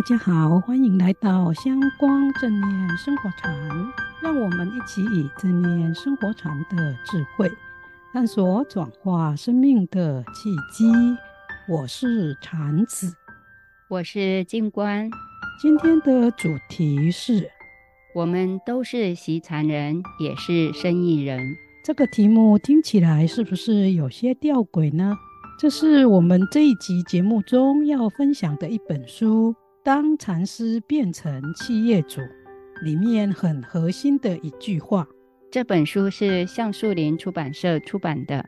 大家好，歡迎來到《香光正念生活禪》，讓我們一起以正念生活禪的智慧，探索轉化生命的契機。我是禪子，我是靜觀。今天的主題是：我們都是習禪人，也是生意人。這個題目聽起來是不是有些吊詭呢？這是我們這一集節目中要分享的一本書。當禪師變成企業主，裡面很核心的一句話。這本書是橡樹林出版社出版的，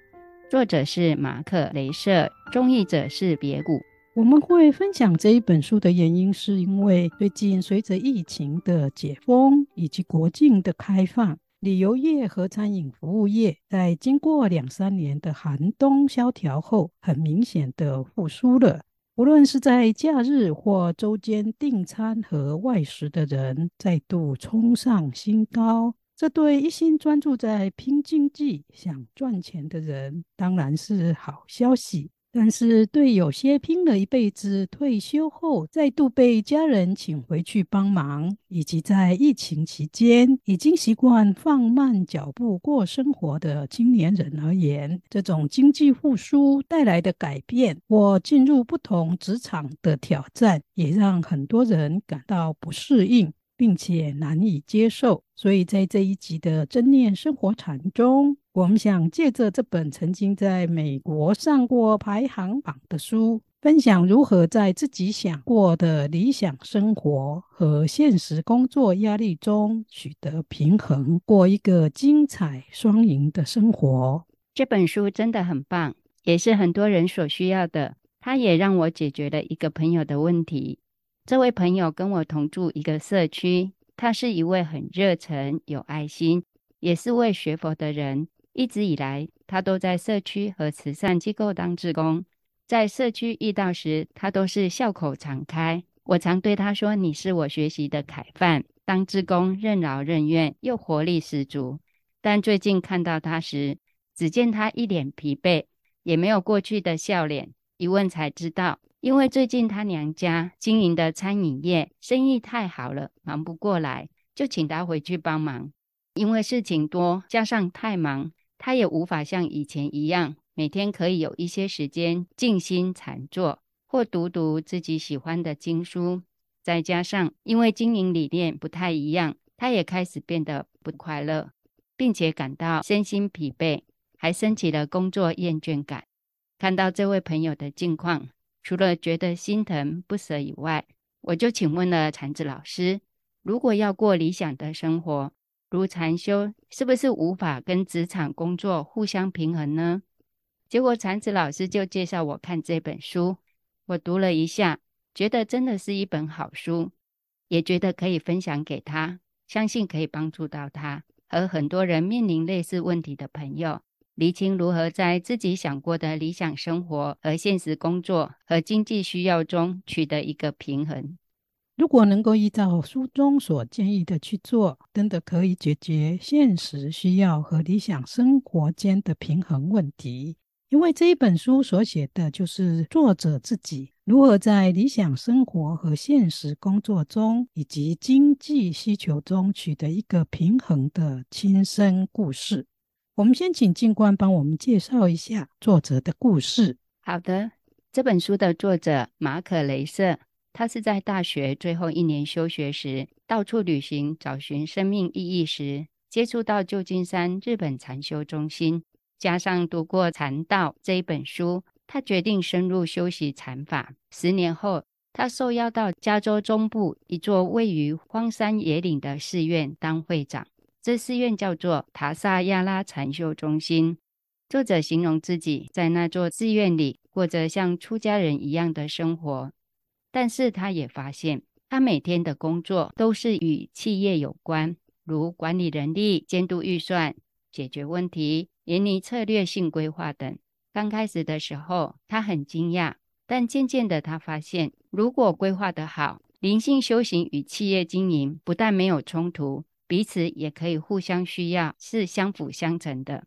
作者是馬可·雷瑟，中譯者是別谷。我們會分享這一本書的原因，是因為最近隨着疫情的解封以及國境的開放，旅遊業和餐飲服務業在經過兩三年的寒冬蕭條後，很明顯的復甦了。無論是在假日或週間訂餐和外食的人，再度衝上新高，這對一心專注在拼經濟、想賺錢的人，當然是好消息。但是，對有些拼了一輩子、退休後再度被家人請回去幫忙，以及在疫情期間已經習慣放慢腳步過生活的青年人而言，這種經濟復甦帶來的改變，或進入不同職場的挑戰，也讓很多人感到不適應，並且難以接受。所以在這一集的《正念生活禪》中，我們想借着這本曾經在美國上過排行榜的書，分享如何在自己想過的理想生活和現實工作壓力中取得平衡，過一個精彩雙贏的生活。這本書真的很棒，也是很多人所需要的。它也讓我解決了一個朋友的問題。這位朋友跟我同住一個社區。他是一位很熱忱、有愛心，也是位學佛的人。一直以來，他都在社區和慈善機構當志工，在社區遇到時，他都是笑口常開。我常對他說：“你是我學習的楷範，當志工任勞任怨，又活力十足。”但最近看到他時，只見他一臉疲憊，也沒有過去的笑臉，一問才知道。因為最近他娘家經營的餐飲業生意太好了，忙不過來，就請他回去幫忙。因為事情多，加上太忙，他也無法像以前一樣，每天可以有一些時間靜心禪坐，或讀讀自己喜歡的經書。再加上因為經營理念不太一樣，他也開始變得不快樂，並且感到身心疲憊，還升起了工作厭倦感。看到這位朋友的近況。除了覺得心疼不捨以外，我就請問了禪子老師，如果要過理想的生活，如禪修，是不是無法跟職場工作互相平衡呢？結果禪子老師就介紹我看這本書，我讀了一下，覺得真的是一本好書，也覺得可以分享給他，相信可以幫助到他和很多人面臨類似問題的朋友。釐清如何在自己想過的理想生活和現實工作和經濟需要中取得一個平衡。如果能夠依照書中所建議的去做，真的可以解決現實需要和理想生活間的平衡問題。因為這一本書所寫的就是作者自己如何在理想生活和現實工作中以及經濟需求中取得一個平衡的親身故事。我們先請靜觀幫我們介紹一下作者的故事。好的，這本書的作者馬可雷瑟，他是在大學最後一年休學時，到處旅行，找尋生命意義時，接觸到舊金山日本禪修中心，加上讀過《禪道》這一本書，他決定深入修習禪法。十年後，他受邀到加州中部一座位於荒山野嶺的寺院當會長。這寺院叫做塔薩亞拉禪修中心。作者形容自己在那座寺院裡過着像出家人一樣的生活，但是他也發現，他每天的工作都是與企業有關，如管理人力、監督預算、解決問題、研擬策略性規劃等。剛開始的時候，他很驚訝，但漸漸的，他發現，如果規劃得好，靈性修行與企業經營不但沒有衝突。彼此也可以互相需要，是相輔相成的。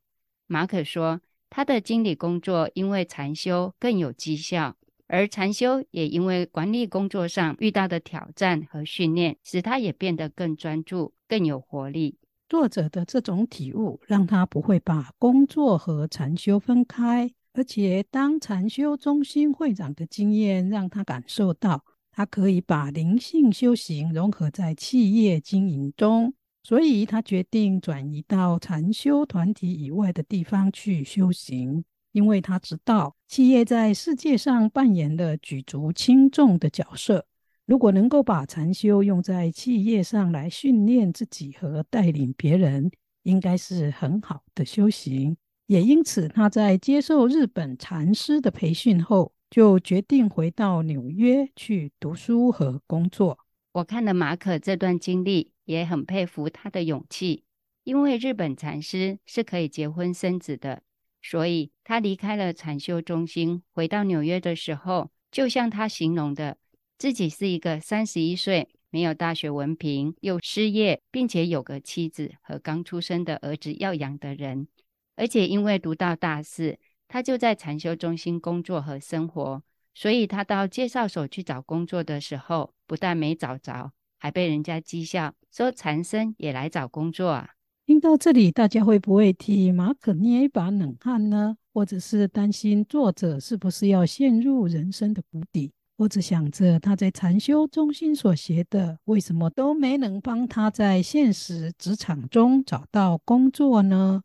馬可說，他的經理工作因為禪修更有績效，而禪修也因為管理工作上遇到的挑戰和訓練，使他也變得更專注、更有活力。作者的這種體悟，讓他不會把工作和禪修分開，而且當禪修中心會長的經驗，讓他感受到他可以把靈性修行融合在企業經營中。所以他決定轉移到禪修團體以外的地方去修行，因為他知道企業在世界上扮演了舉足輕重的角色。如果能夠把禪修用在企業上來訓練自己和帶領別人，應該是很好的修行。也因此，他在接受日本禪師的培訓後，就決定回到紐約去讀書和工作。我看了馬可這段經歷。也很佩服他的勇氣，因為日本禪師是可以結婚生子的，所以他離開了禪修中心，回到紐約的時候，就像他形容的，自己是一個三十一歲、沒有大學文憑、又失業，並且有個妻子和剛出生的兒子要養的人。而且因為讀到大四，他就在禪修中心工作和生活，所以他到介紹所去找工作的時候，不但沒找着。還被人家譏笑，說禪僧也來找工作啊！聽到這裡，大家會不會替馬可捏一把冷汗呢？或者是擔心作者是不是要陷入人生的谷底？或者想着他在禪修中心所學的，為什麼都沒能幫他在現實職場中找到工作呢？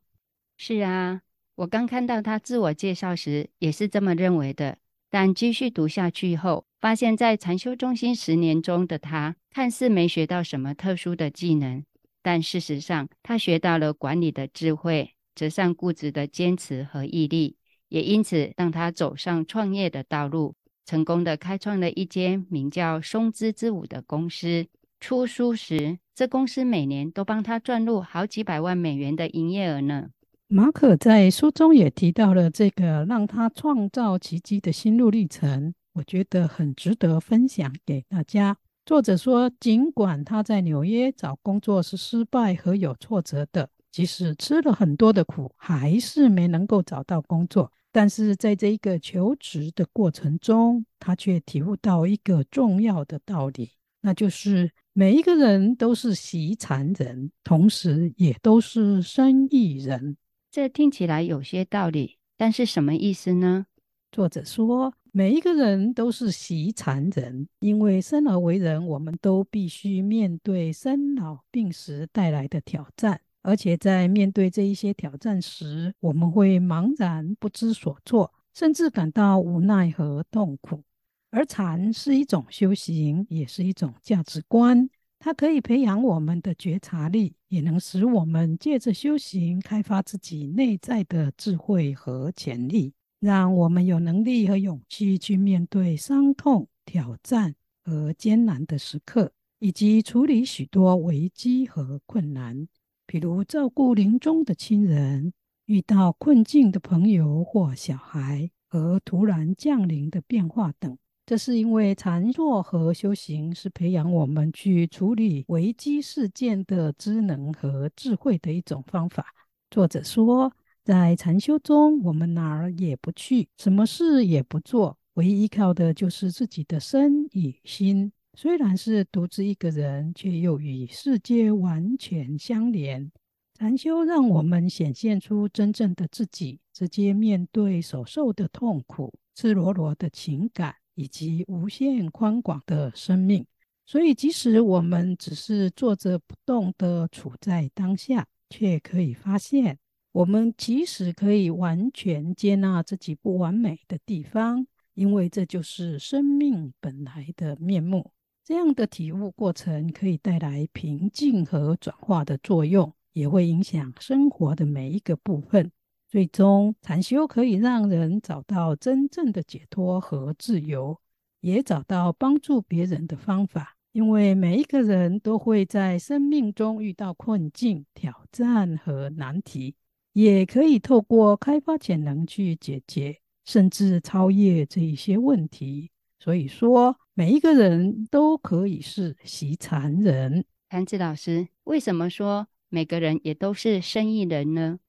是啊，我剛看到他自我介紹時，也是這麼認為的。但繼續讀下去後，發現，在禪修中心十年中的他，看似沒學到什麼特殊的技能，但事實上，他學到了管理的智慧、擇善固執的堅持和毅力，也因此讓他走上創業的道路，成功的開創了一間名叫“松枝之舞”的公司。出書時，這公司每年都幫他賺入好幾百萬美元的營業額呢。馬可在書中也提到了這個讓他創造奇蹟的心路歷程，我覺得很值得分享給大家。作者說，儘管他在紐約找工作是失敗和有挫折的，即使吃了很多的苦，還是沒能夠找到工作。但是在這一個求職的過程中，他卻體悟到一個重要的道理，那就是每一個人都是習禪人，同時也都是生意人。這聽起來有些道理，但是什麼意思呢？作者說，每一個人都是習禪人，因為生而為人，我們都必須面對生老病死帶來的挑戰，而且在面對這一些挑戰時，我們會茫然不知所措，甚至感到無奈和痛苦。而禪是一種修行，也是一種價值觀。它可以培養我們的覺察力，也能使我們借着修行開發自己內在的智慧和潛力，讓我們有能力和勇氣去面對傷痛、挑戰和艱難的時刻，以及處理許多危機和困難，比如照顧臨終的親人、遇到困境的朋友或小孩，和突然降臨的變化等。這是因為禪坐和修行是培養我們去處理危機事件的智能和智慧的一種方法。作者說，在禪修中，我們哪兒也不去，什麼事也不做，唯一依靠的就是自己的身與心。雖然是獨自一個人，卻又與世界完全相連。禪修讓我們顯現出真正的自己，直接面對所受的痛苦、赤裸裸的情感。以及無限寬廣的生命，所以即使我們只是坐着不動地處在當下，卻可以發現，我們即使可以完全接納自己不完美的地方，因為這就是生命本來的面目。這樣的體悟過程可以帶來平靜和轉化的作用，也會影響生活的每一個部分。最終，禪修可以讓人找到真正的解脫和自由，也找到幫助別人的方法。因為每一個人都會在生命中遇到困境、挑戰和難題，也可以透過開發潛能去解決，甚至超越這一些問題。所以說，每一個人都可以是習禪人。譚子老師，為什麼說每個人也都是生意人呢？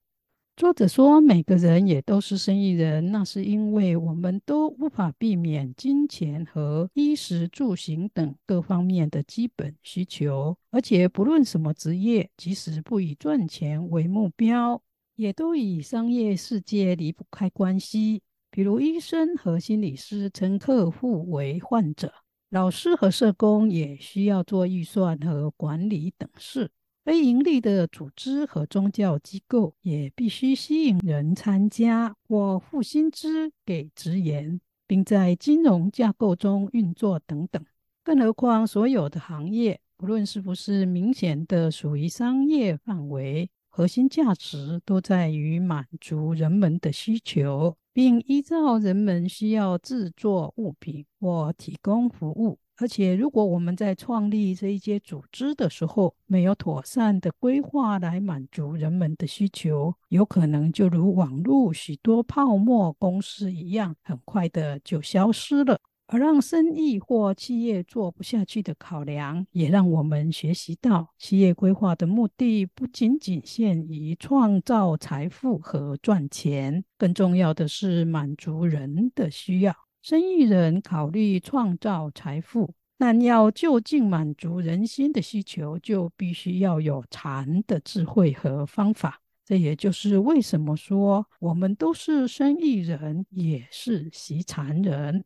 作者說，每個人也都是生意人，那是因為我們都無法避免金錢和衣食住行等各方面的基本需求。而且，不論什麼職業，即使不以賺錢為目標，也都與商業世界離不開關係。比如，醫生和心理師稱客戶為患者，老師和社工也需要做預算和管理等事。非盈利的組織和宗教機構也必須吸引人參加或付薪資給職員，並在金融架構中運作等等。更何況，所有的行業，不論是不是明顯的屬於商業範圍，核心價值都在於滿足人們的需求，並依照人們需要制作物品或提供服務。而且，如果我們在創立這一些組織的時候，沒有妥善的規劃來滿足人們的需求，有可能就如網絡許多泡沫公司一樣，很快的就消失了。而讓生意或企業做不下去的考量，也讓我們學習到，企業規劃的目的不僅僅限於創造財富和賺錢，更重要的是滿足人的需要。生意人考慮創造財富，但要究竟滿足人心的需求，就必須要有禪的智慧和方法。這也就是為什麼說我們都是生意人，也是習禪人。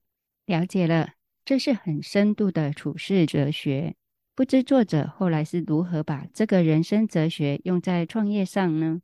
了解了，這是很深度的處世哲學。不知作者後來是如何把這個人生哲學用在創業上呢？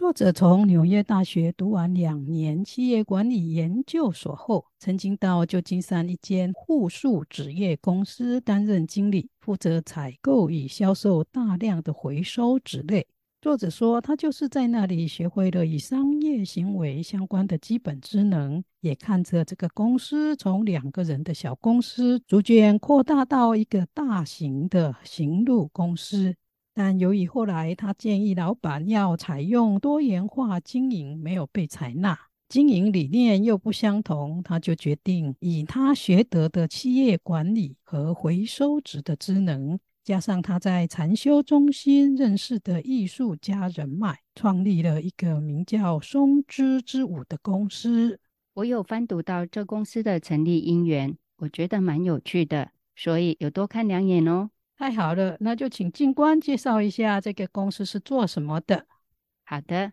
作者從紐約大學讀完兩年企業管理研究所後，曾經到舊金山一間護樹紙業公司擔任經理，負責採購與銷售大量的回收紙類。作者說，他就是在那裡學會了與商業行為相關的基本職能，也看着這個公司從兩個人的小公司逐漸擴大到一個大型的行路公司。但由於後來他建議老板要採用多元化經營，沒有被採納，經營理念又不相同，他就決定以他學得的企業管理和回收紙的職能，加上他在禪修中心認識的藝術家人脈，創立了一個名叫“松枝之舞”的公司。我有翻讀到這公司的成立因緣，我覺得蠻有趣的，所以有多看兩眼哦。太好了，那就請靜觀介紹一下這個公司是做什麼的？好的，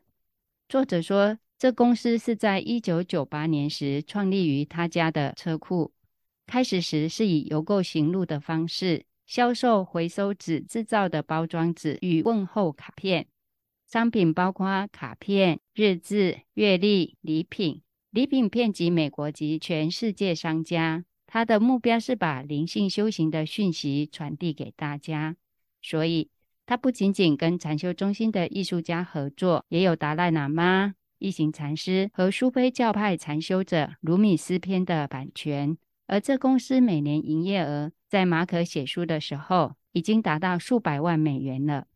作者說，這公司是在一九九八年時創立於他家的車庫，開始時是以郵購行路的方式銷售回收紙製造的包裝紙與問候卡片，商品包括卡片、日誌、月曆、禮品、禮品遍及美國及全世界商家。他的目標是把靈性修行的訊息傳遞給大家，所以他不僅僅跟禪修中心的藝術家合作，也有達賴喇嘛、一行禪師和蘇菲教派禪修者魯米詩篇的版權。而這公司每年營業額，在馬可寫書的時候，已經達到數百萬美元了。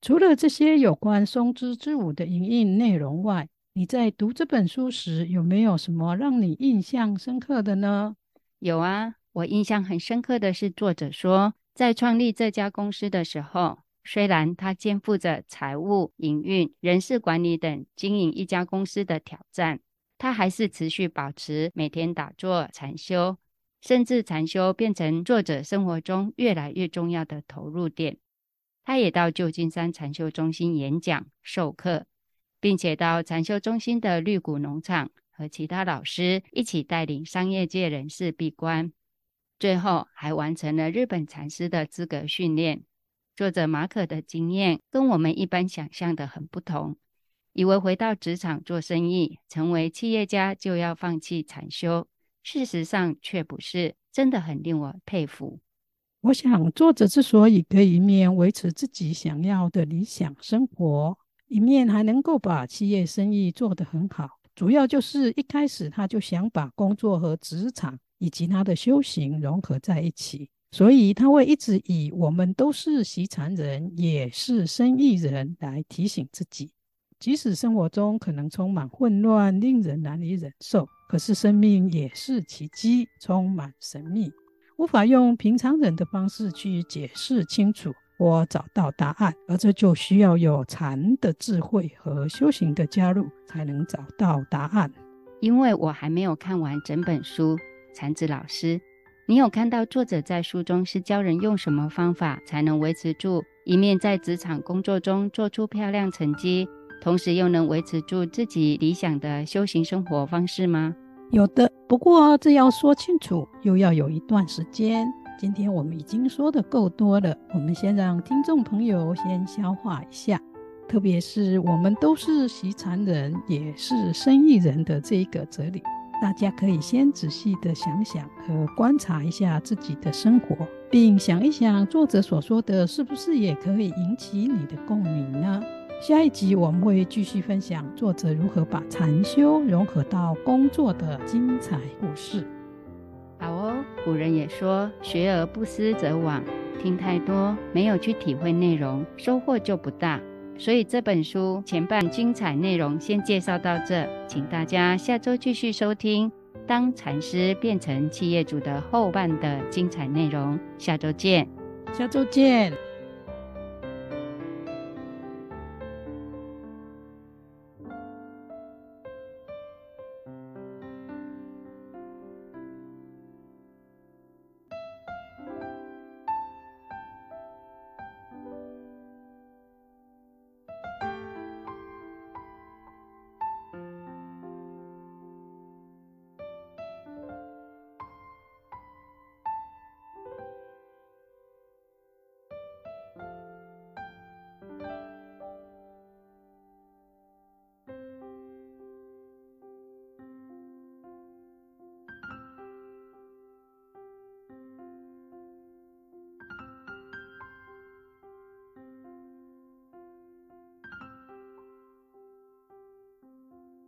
除了這些有關松枝之舞的隱喻內容外，你在讀這本書時，有沒有什麼讓你印象深刻的呢？有啊，我印象很深刻的是，作者說，在創立這家公司的時候，雖然他肩負着財務、營運、人事管理等經營一家公司的挑戰，他還是持續保持每天打坐禪修，甚至禪修變成作者生活中越來越重要的投入點。他也到舊金山禪修中心演講授課，並且到禪修中心的綠谷農場。和其他老師一起帶領商業界人士閉關，最後還完成了日本禪師的資格訓練。作者馬可的經驗跟我們一般想象的很不同，以為回到職場做生意、成為企業家就要放棄禪修，事實上卻不是，真的很令我佩服。我想，作者之所以可以一面維持自己想要的理想生活，一面還能夠把企業生意做得很好，主要就是一開始他就想把工作和職場以及他的修行融合在一起，所以他會一直以“我們都是習禪人，也是生意人”來提醒自己。即使生活中可能充滿混亂，令人難以忍受，可是生命也是奇蹟，充滿神秘，無法用平常人的方式去解釋清楚。我找到答案，而這就需要有禪的智慧和修行的加入，才能找到答案。因為我還沒有看完整本書，禪子老師，你有看到作者在書中是教人用什麼方法才能維持住一面在職場工作中做出漂亮成績，同時又能維持住自己理想的修行生活方式嗎？有的，不過這要說清楚，又要有一段時間。今天我們已經說的夠多了，我們先讓聽眾朋友先消化一下，特別是我們都是習禪人，也是生意人的這一個哲理，大家可以先仔細的想想和觀察一下自己的生活，並想一想作者所說的是不是也可以引起你的共鳴呢？下一集我們會繼續分享作者如何把禪修融合到工作的精彩故事。好哦，古人也說“學而不思則罔”，聽太多沒有去體會內容，收穫就不大。所以這本書前半精彩內容先介紹到這，請大家下周繼續收聽《當禪師變成企業主》的後半的精彩內容。下周見，下周見。